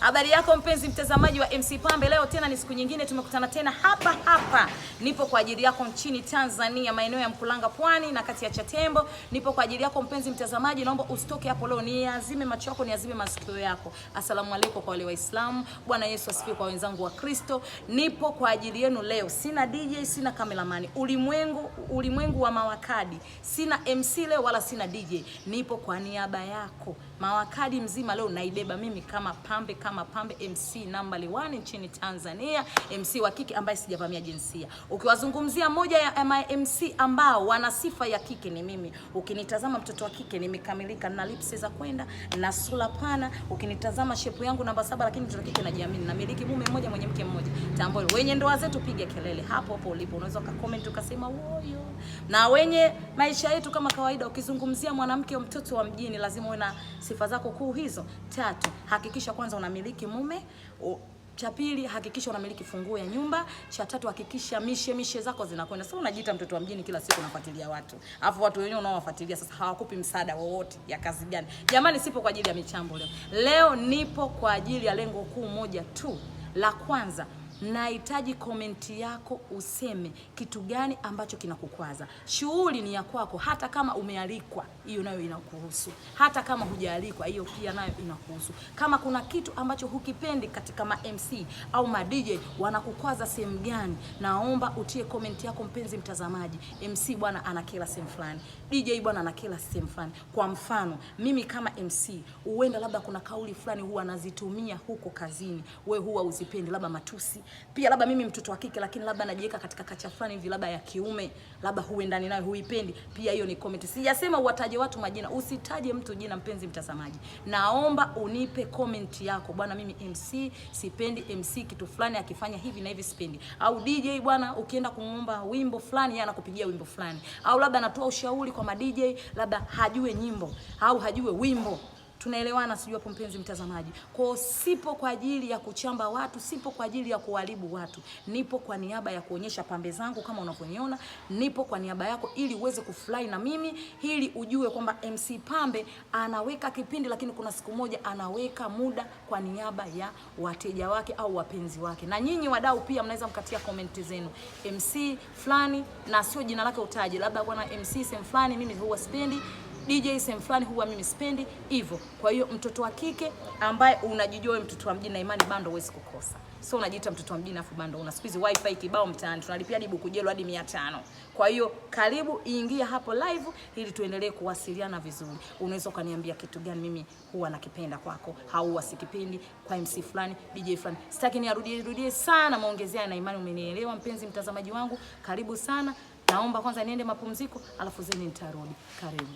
Habari yako mpenzi mtazamaji wa MC Pambe, leo tena ni siku nyingine tumekutana tena hapa hapa nipo kwa ajili yako nchini Tanzania, maeneo ya Mkulanga, Pwani na kati ya Chatembo. Nipo kwa ajili yako mpenzi mtazamaji, naomba usitoke hapo leo, niazime macho yako, niazime masikio yako. Asalamu alaykum kwa wale Waislamu. Bwana Yesu asifiwe kwa wenzangu wa Kristo. Nipo kwa ajili yenu leo, sina DJ, sina cameraman, ulimwengu ulimwengu wa mawakadi, sina MC leo wala sina DJ. Nipo kwa niaba yako mawakadi mzima leo naibeba mimi kama pambe kama pambe, MC number 1 nchini Tanzania, MC wa kike ambaye sijavamia jinsia Ukiwazungumzia moja ya MIMC ambao wana sifa ya kike ni mimi. Ukinitazama mtoto wa kike nimekamilika, na lipsi za kwenda na sura pana. Ukinitazama shepu yangu namba saba, lakini mtoto wa kike najiamini, namiliki mume mmoja mwenye mke mmoja. Tambua wenye ndoa zetu, piga kelele hapo hapo ulipo. Unaweza ukakomenti ukasema woyo, na wenye maisha yetu kama kawaida. Ukizungumzia mwanamke, mtoto wa mjini, lazima uwe na sifa zako kuu hizo tatu. Hakikisha kwanza unamiliki mume cha pili hakikisha unamiliki funguo ya nyumba. Cha tatu hakikisha mishe mishe zako zinakwenda. Sasa unajiita mtoto wa mjini, kila siku unafuatilia watu, alafu watu wenyewe unaowafuatilia sasa hawakupi msaada wowote ya kazi gani? Jamani, sipo kwa ajili ya michambo leo. Leo nipo kwa ajili ya lengo kuu moja tu la kwanza nahitaji komenti yako, useme kitu gani ambacho kinakukwaza. Shughuli ni ya kwako, hata kama umealikwa, hiyo nayo inakuhusu. Hata kama hujaalikwa, hiyo pia nayo inakuhusu. Kama kuna kitu ambacho hukipendi katika ma MC au ma DJ wanakukwaza sehemu gani, naomba utie komenti yako, mpenzi mtazamaji. MC bwana anakela sehemu fulani, DJ bwana anakela sehemu fulani. Kwa mfano mimi kama MC, huenda labda kuna kauli fulani huwa nazitumia huko kazini, we huwa uzipendi, labda matusi pia labda mimi mtoto wa kike, lakini labda najiweka katika kacha fulani hivi, labda ya kiume, labda huendani nayo, huipendi. Pia hiyo ni comment. Sijasema uwataje watu majina, usitaje mtu jina, mpenzi mtazamaji. Naomba unipe comment yako bwana, mimi MC sipendi, MC kitu fulani akifanya hivi na hivi sipendi, au DJ bwana, ukienda kumuomba wimbo fulani, yeye anakupigia wimbo fulani, au labda anatoa ushauri kwa ma DJ, labda hajue nyimbo au hajue wimbo tunaelewana, sijui hapo mpenzi mtazamaji. Kwa sipo kwa ajili ya kuchamba watu, sipo kwa ajili ya kuharibu watu, nipo kwa niaba ya kuonyesha pambe zangu kama unavyoniona, nipo kwa niaba yako ili uweze kufurahi na mimi, ili ujue kwamba MC Pambe anaweka kipindi, lakini kuna siku moja anaweka muda kwa niaba ya wateja wake au wapenzi wake. Na nyinyi wadau pia mnaweza mkatia komenti zenu, MC fulani na sio jina lake utaje, labda bwana MC sehemu fulani, mimi huwa sipendi DJ sehemu fulani huwa mimi sipendi hivyo. Kwa hiyo mtoto wa kike ambaye unajijua wewe mtoto wa mjini na imani bando huwezi kukosa. So unajiita mtoto wa mjini afu bando una siku hizi wifi kibao mtaani tunalipia hadi buku hadi 500. Kwa hiyo karibu ingia hapo live ili tuendelee kuwasiliana vizuri. Unaweza kaniambia kitu gani mimi huwa nakipenda kwako au wasikipendi kwa MC fulani, DJ fulani. Sitaki niarudie rudie sana maongezea na imani umenielewa mpenzi mtazamaji wangu. Karibu sana. Naomba kwanza niende mapumziko alafu zeni nitarudi. Karibu.